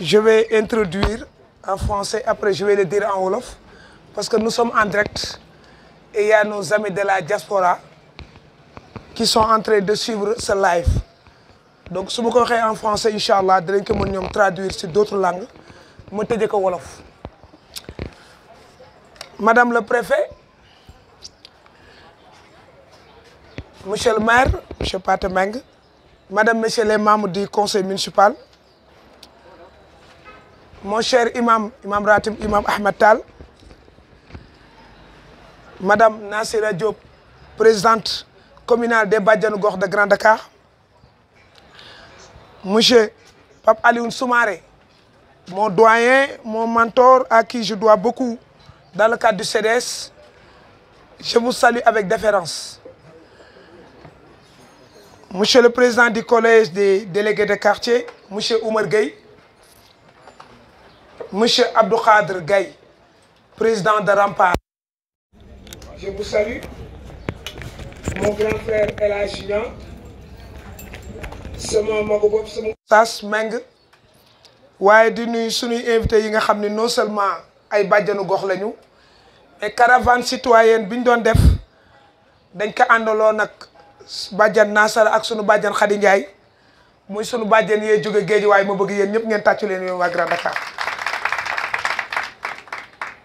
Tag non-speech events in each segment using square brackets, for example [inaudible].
Je vais introduire en français, après je vais le dire en Wolof, parce que nous sommes en direct et il y a nos amis de la diaspora qui sont en train de suivre ce live. Donc si je voulez en français, Inch'Allah, je vais traduire sur d'autres langues. Je vais dire Wolof. Madame le préfet, Monsieur le maire, monsieur Patemeng, Madame, Monsieur les membres du conseil municipal, mon cher imam, imam Ratim imam Ahmed Tal, madame Nassira Diop, présidente communale des Badjanougor de Grand Dakar, monsieur Pape Alioun Soumaré, mon doyen, mon mentor à qui je dois beaucoup dans le cadre du CDS, je vous salue avec déférence. Monsieur le président du collège des délégués de quartier, monsieur Oumar Gueye, Monsieur Abdou Khadr Gay, président de Rampart. Je vous salue. Mon grand frère El C'est mon magobob, c'est mon... Sass Meng waaye di nuyu suñuy invité yi non seulement ay bàjjanu gox lañu mais caravane citoyenne bi doon def dañ ko àndaloo nag bàjjan Nasara ak sunu bàjjan Khady Ndiaye muy sunu bàjjan yee jóge ma bëgg ngeen leen Grand Dakar.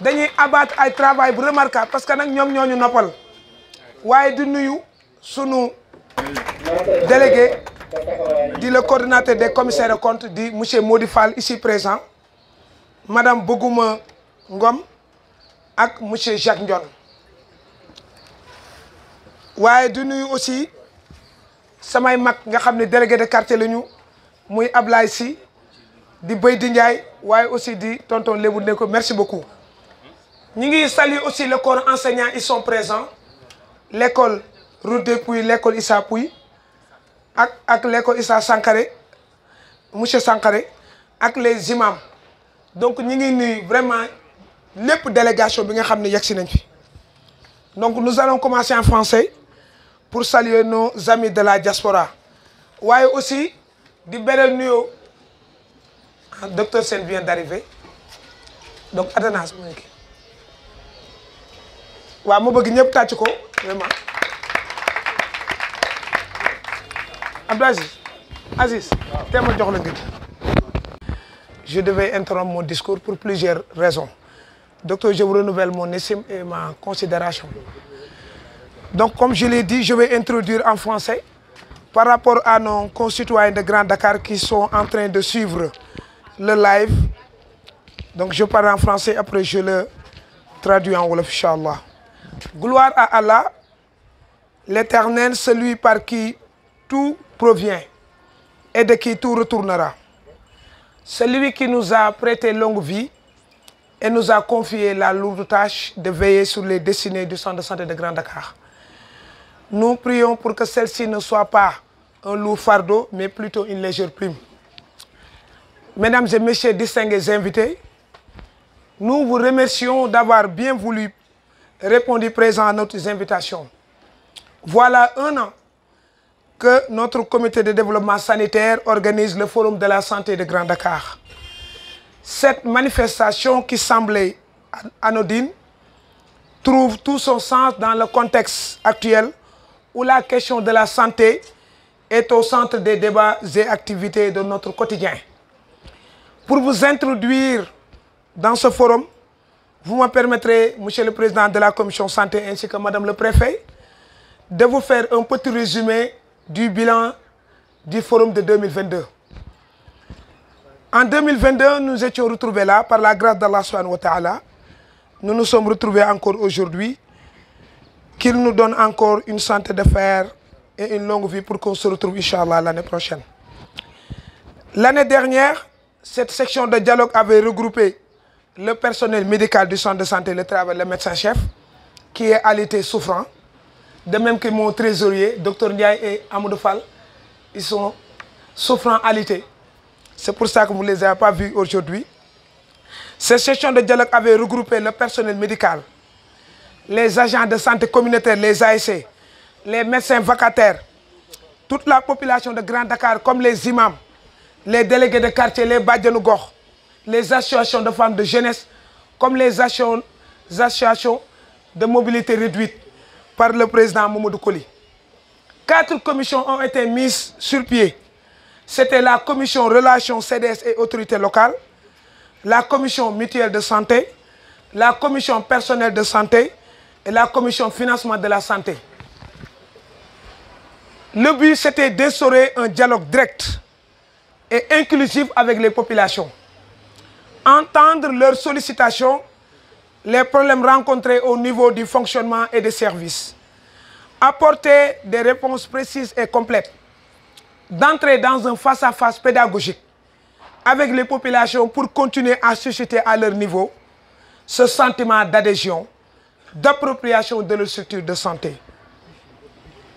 dañuy abattre ay travail bu remarquable parce que nous ñom ñoo ñu noppal waaye di nuyu sunu délégué di le coordinateur des commissaires de compte di monsieur ici présent madame Bëgguma Ngom ak monsieur Jacques Ndion waye di nuyu aussi samay mag nga xamné délégué de quartier lañu ñu muy Ablaye Sy di Béy di Ndiaye aussi di tonton lebouneko. merci beaucoup nous saluons aussi le corps enseignant, ils sont présents. L'école Route de l'école Issa Puy, avec l'école Issa Sankaré, M. Sankaré, avec les imams. Donc nous vraiment les délégations qui sont Donc nous allons commencer en français pour saluer nos amis de la diaspora. waaye aussi di beral Le ah, docteur Sen vient d'arriver donc Athanas je devais interrompre mon discours pour plusieurs raisons docteur je vous renouvelle mon estime et ma considération donc comme je l'ai dit je vais introduire en français par rapport à nos concitoyens de Grand Dakar qui sont en train de suivre le live donc je parle en français après je le traduis en wolof Gloire à Allah, l'éternel, celui par qui tout provient et de qui tout retournera. Celui qui nous a prêté longue vie et nous a confié la lourde tâche de veiller sur les destinées du centre de santé de Grand Dakar. Nous prions pour que celle-ci ne soit pas un lourd fardeau, mais plutôt une légère prime. Mesdames et messieurs, distingués invités, nous vous remercions d'avoir bien voulu répondu présent à notre invitation. Voilà un an que notre comité de développement sanitaire organise le Forum de la santé de Grand Dakar. Cette manifestation qui semblait anodine trouve tout son sens dans le contexte actuel où la question de la santé est au centre des débats et activités de notre quotidien. Pour vous introduire dans ce forum, vous me permettrez, Monsieur le Président de la Commission Santé ainsi que Madame le Préfet, de vous faire un petit résumé du bilan du forum de 2022. En 2022, nous étions retrouvés là par la grâce d'Allah subhanahu wa Nous nous sommes retrouvés encore aujourd'hui. Qu'il nous donne encore une santé de fer et une longue vie pour qu'on se retrouve, Inch'Allah, l'année prochaine. L'année dernière, cette section de dialogue avait regroupé le personnel médical du centre de santé, le travail, le médecin-chef, qui est alité souffrant, de même que mon trésorier, Dr Ndiaye et Amadou Fall, ils sont souffrants alité. C'est pour ça que vous ne les avez pas vus aujourd'hui. Ces sessions de dialogue avait regroupé le personnel médical, les agents de santé communautaire, les ASC, les médecins vacataires, toute la population de Grand Dakar, comme les imams, les délégués de quartier, les Badjanougokh les associations de femmes de jeunesse, comme les associations de mobilité réduite par le président Momodou Koli. Quatre commissions ont été mises sur pied. C'était la commission relations CDS et autorités locales, la commission mutuelle de santé, la commission personnelle de santé et la commission financement de la santé. Le but, c'était d'essorer un dialogue direct et inclusif avec les populations entendre leurs sollicitations, les problèmes rencontrés au niveau du fonctionnement et des services, apporter des réponses précises et complètes, d'entrer dans un face-à-face pédagogique avec les populations pour continuer à susciter à leur niveau ce sentiment d'adhésion, d'appropriation de leur structure de santé.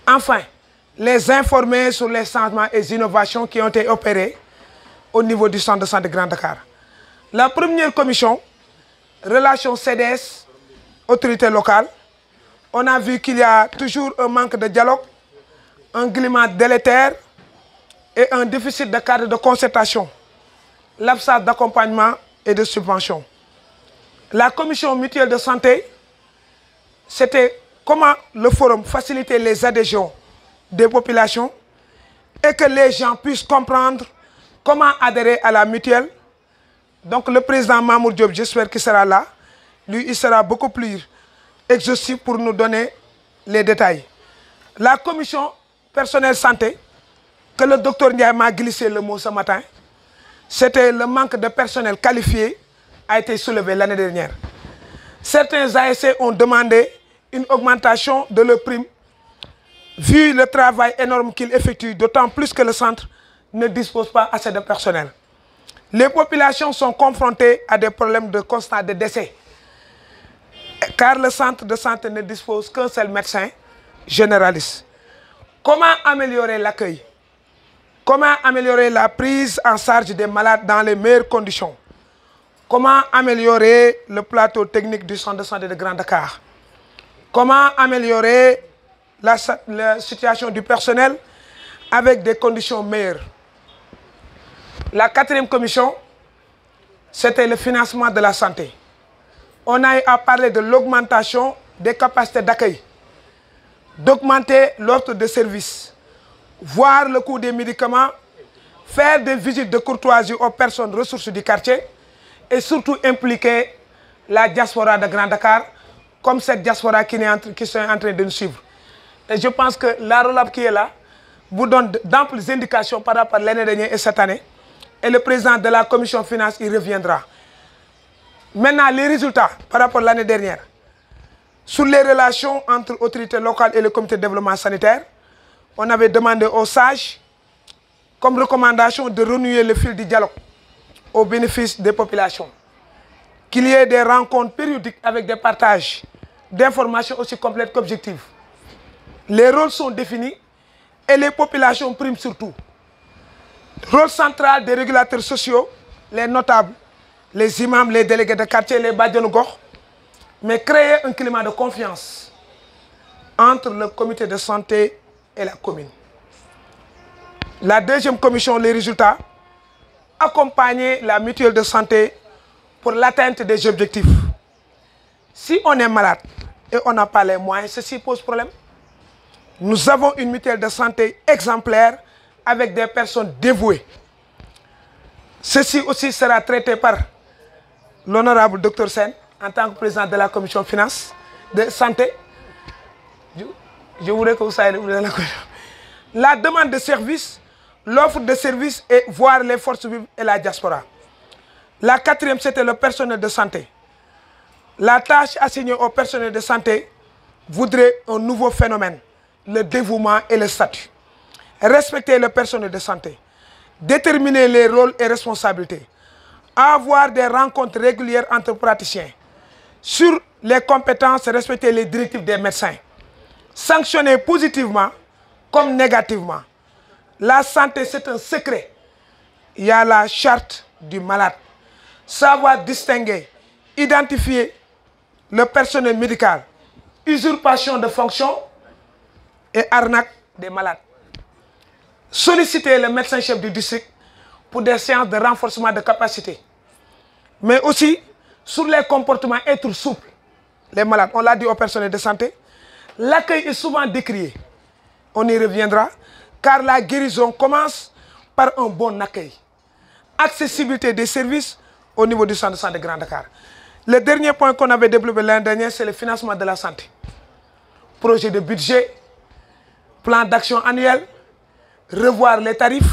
Enfin, les informer sur les changements et innovations qui ont été opérés au niveau du centre de santé de Grand Dakar. La première commission, relations CDS, autorité locale, on a vu qu'il y a toujours un manque de dialogue, un climat délétère et un déficit de cadre de concertation, l'absence d'accompagnement et de subvention. La commission mutuelle de santé, c'était comment le forum facilitait les adhésions des populations et que les gens puissent comprendre comment adhérer à la mutuelle donc le président Mamour Diop, j'espère qu'il sera là. Lui, il sera beaucoup plus exhaustif pour nous donner les détails. La commission personnelle santé, que le docteur Ndiaye m'a glissé le mot ce matin, c'était le manque de personnel qualifié a été soulevé l'année dernière. Certains ASC ont demandé une augmentation de leur prime, vu le travail énorme qu'ils effectuent, d'autant plus que le centre ne dispose pas assez de personnel les populations sont confrontées à des problèmes de constat de décès, car le centre de santé ne dispose qu'un seul médecin généraliste. Comment améliorer l'accueil Comment améliorer la prise en charge des malades dans les meilleures conditions Comment améliorer le plateau technique du centre de santé de grande car Comment améliorer la situation du personnel avec des conditions meilleures la quatrième commission, c'était le financement de la santé. On a parlé de l'augmentation des capacités d'accueil, d'augmenter l'offre de services, voir le coût des médicaments, faire des visites de courtoisie aux personnes ressources du quartier et surtout impliquer la diaspora de Grand Dakar comme cette diaspora qui, est en, train de nous suivre. Et je pense que la ROLAB qui est là vous donne d'amples indications par rapport à l'année dernière et cette année et le président de la commission finance y reviendra. Maintenant, les résultats par rapport à l'année dernière. Sur les relations entre autorités locale et le comité de développement sanitaire, on avait demandé aux sages, comme recommandation, de renouer le fil du dialogue au bénéfice des populations. Qu'il y ait des rencontres périodiques avec des partages d'informations aussi complètes qu'objectives. Les rôles sont définis et les populations priment surtout. Rôle central des régulateurs sociaux, les notables, les imams, les délégués de quartier, les badjanougor, mais créer un climat de confiance entre le comité de santé et la commune. La deuxième commission, les résultats, accompagner la mutuelle de santé pour l'atteinte des objectifs. Si on est malade et on n'a pas les moyens, ceci pose problème. Nous avons une mutuelle de santé exemplaire avec des personnes dévouées. Ceci aussi sera traité par l'honorable Dr Sen en tant que président de la commission finance de santé. Je, voudrais que vous sachiez la La demande de service, l'offre de service et voir les forces vives et la diaspora. La quatrième, c'était le personnel de santé. La tâche assignée au personnel de santé voudrait un nouveau phénomène, le dévouement et le statut respecter le personnel de santé, déterminer les rôles et responsabilités, avoir des rencontres régulières entre praticiens, sur les compétences, respecter les directives des médecins, sanctionner positivement comme négativement. La santé, c'est un secret. Il y a la charte du malade. Savoir distinguer, identifier le personnel médical, usurpation de fonction et arnaque des malades solliciter les médecins chef du district pour des séances de renforcement de capacité. Mais aussi sur les comportements être souple les malades, on l'a dit aux personnels de santé, l'accueil est souvent décrié. On y reviendra, car la guérison commence par un bon accueil. Accessibilité des services au niveau du centre de santé de Grand Dakar. Le dernier point qu'on avait développé l'an dernier, c'est le financement de la santé. Projet de budget, plan d'action annuel, revoir les tarifs,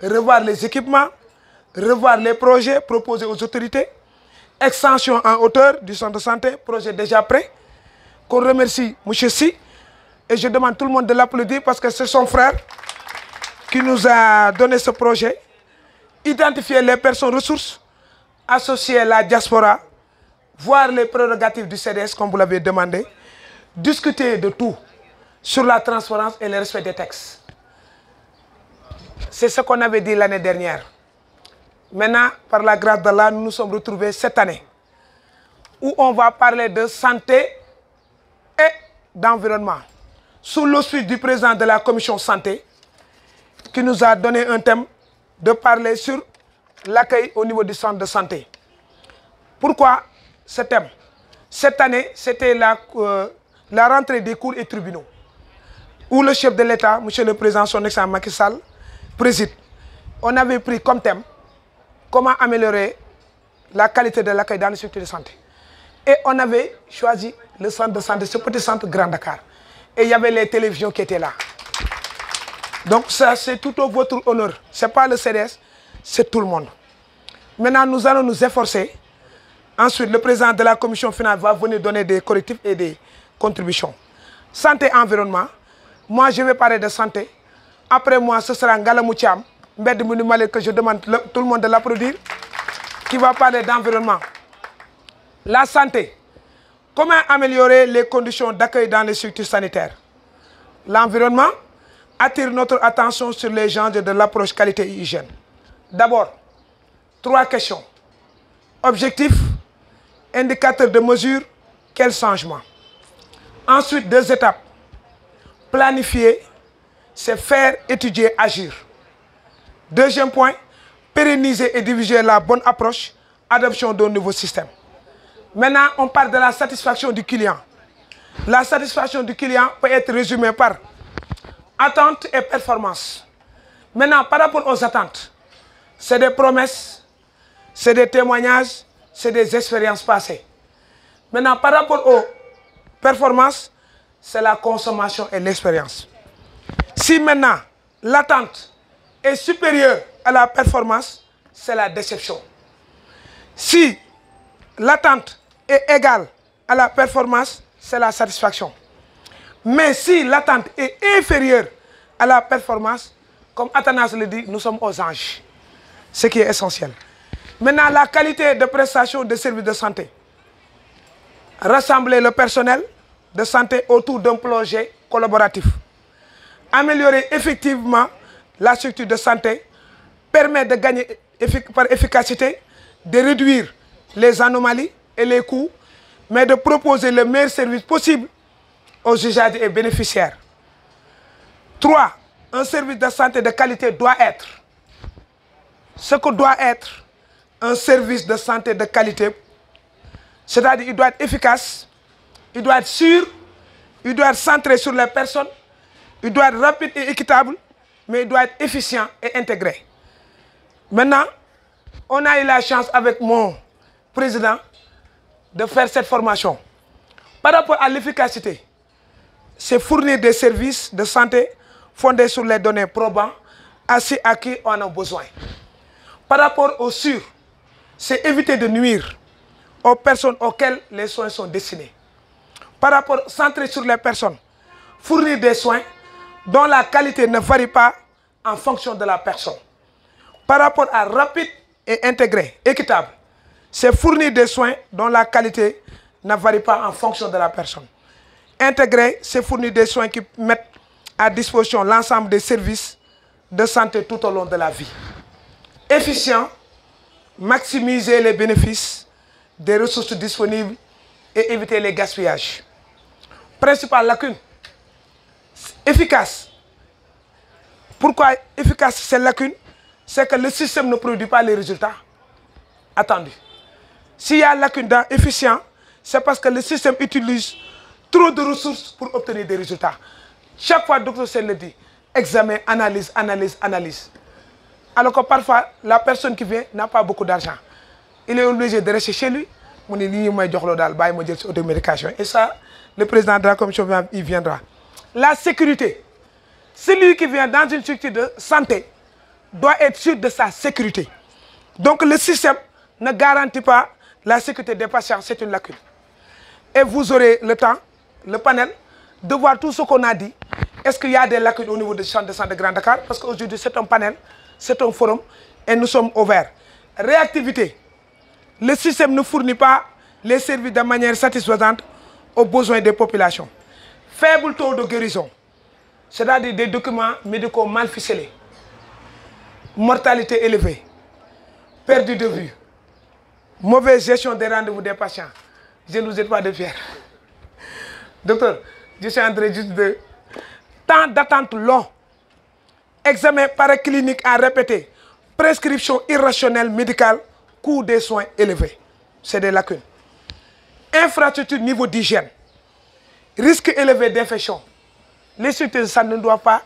revoir les équipements, revoir les projets proposés aux autorités, extension en hauteur du centre de santé, projet déjà prêt, qu'on remercie M. Si, et je demande tout le monde de l'applaudir parce que c'est son frère qui nous a donné ce projet, identifier les personnes ressources, associer la diaspora, voir les prérogatives du CDS comme vous l'avez demandé, discuter de tout sur la transparence et le respect des textes. C'est ce qu'on avait dit l'année dernière. Maintenant, par la grâce de d'Allah, nous nous sommes retrouvés cette année où on va parler de santé et d'environnement. Sous l'auspice du président de la commission santé, qui nous a donné un thème de parler sur l'accueil au niveau du centre de santé. Pourquoi ce thème Cette année, c'était la, euh, la rentrée des cours et tribunaux, où le chef de l'État, M. le Président, son excellent Macky Sall, Président, on avait pris comme thème comment améliorer la qualité de l'accueil dans les structures de santé. Et on avait choisi le centre de santé, ce petit centre Grand Dakar. Et il y avait les télévisions qui étaient là. Donc ça, c'est tout au votre honneur. Ce n'est pas le CDS, c'est tout le monde. Maintenant, nous allons nous efforcer. Ensuite, le président de la commission finale va venir donner des correctifs et des contributions. Santé environnement. Moi, je vais parler de santé, après moi, ce sera Ngala mucham, Mbed Mounimale, que je demande tout le monde de l'applaudir, qui va parler d'environnement. La santé. Comment améliorer les conditions d'accueil dans les structures sanitaires L'environnement attire notre attention sur les gens de l'approche qualité hygiène. D'abord, trois questions. Objectif, indicateur de mesure, quel changement Ensuite, deux étapes. Planifier c'est faire, étudier, agir. Deuxième point, pérenniser et diviser la bonne approche, adoption d'un nouveau système. Maintenant, on parle de la satisfaction du client. La satisfaction du client peut être résumée par attente et performance. Maintenant, par rapport aux attentes, c'est des promesses, c'est des témoignages, c'est des expériences passées. Maintenant, par rapport aux performances, c'est la consommation et l'expérience. Si maintenant l'attente est supérieure à la performance, c'est la déception. Si l'attente est égale à la performance, c'est la satisfaction. Mais si l'attente est inférieure à la performance, comme Athanas le dit, nous sommes aux anges, ce qui est essentiel. Maintenant, la qualité de prestation des services de santé. Rassembler le personnel de santé autour d'un projet collaboratif améliorer effectivement la structure de santé permet de gagner par efficacité, de réduire les anomalies et les coûts, mais de proposer le meilleur service possible aux usagers et bénéficiaires. Trois, Un service de santé de qualité doit être ce que doit être un service de santé de qualité. C'est-à-dire qu'il doit être efficace, il doit être sûr, il doit être centré sur les personnes, il doit être rapide et équitable, mais il doit être efficient et intégré. Maintenant, on a eu la chance avec mon président de faire cette formation. Par rapport à l'efficacité, c'est fournir des services de santé fondés sur les données probantes à ceux à qui on a besoin. Par rapport au sûr, c'est éviter de nuire aux personnes auxquelles les soins sont destinés. Par rapport, centré sur les personnes, fournir des soins dont la qualité ne varie pas en fonction de la personne. Par rapport à rapide et intégré, équitable, c'est fournir des soins dont la qualité ne varie pas en fonction de la personne. Intégré, c'est fournir des soins qui mettent à disposition l'ensemble des services de santé tout au long de la vie. Efficient, maximiser les bénéfices des ressources disponibles et éviter les gaspillages. Principale lacune, efficace. Pourquoi efficace ces lacunes C'est que le système ne produit pas les résultats attendus. S'il y a lacune dans efficient, c'est parce que le système utilise trop de ressources pour obtenir des résultats. Chaque fois, docteur Sen le dit, examen, analyse, analyse, analyse. Alors que parfois, la personne qui vient n'a pas beaucoup d'argent. Il est obligé de rester chez lui. Et ça, le président de la commission il viendra la sécurité. Celui qui vient dans une structure de santé doit être sûr de sa sécurité. Donc le système ne garantit pas la sécurité des patients, c'est une lacune. Et vous aurez le temps, le panel, de voir tout ce qu'on a dit. Est-ce qu'il y a des lacunes au niveau du centre de santé de Grand Dakar Parce qu'aujourd'hui, c'est un panel, c'est un forum, et nous sommes ouverts. Réactivité. Le système ne fournit pas les services de manière satisfaisante aux besoins des populations faible taux de guérison, c'est-à-dire des documents médicaux mal ficelés, mortalité élevée, perdu de vue, mauvaise gestion des rendez-vous des patients. Je ne vous ai pas de fier. [laughs] Docteur, je suis André juste de... Temps d'attente long, examen paraclinique à répéter, prescription irrationnelle médicale, coût des soins élevés. C'est des lacunes. Infrastructure niveau d'hygiène risque élevé d'infection. Les suites ne doit pas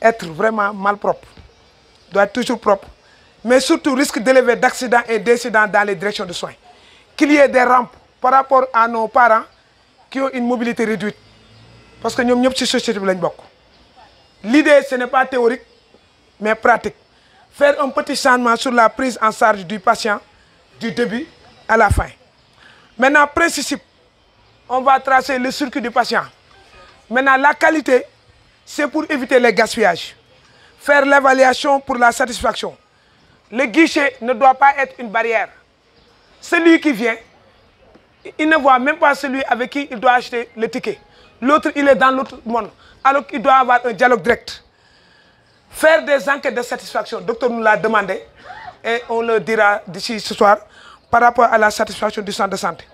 être vraiment mal propres. doit être toujours propre. Mais surtout risque d'élevé d'accidents et d'incidents dans les directions de soins. Qu'il y ait des rampes par rapport à nos parents qui ont une mobilité réduite. Parce que nous sommes tous société. L'idée, ce n'est pas théorique, mais pratique. Faire un petit changement sur la prise en charge du patient du début à la fin. Maintenant, principe on va tracer le circuit du patient. Maintenant, la qualité, c'est pour éviter les gaspillages. Faire l'évaluation pour la satisfaction. Le guichet ne doit pas être une barrière. Celui qui vient, il ne voit même pas celui avec qui il doit acheter le ticket. L'autre, il est dans l'autre monde. Alors il doit avoir un dialogue direct. Faire des enquêtes de satisfaction. Le docteur nous l'a demandé et on le dira d'ici ce soir par rapport à la satisfaction du centre de santé.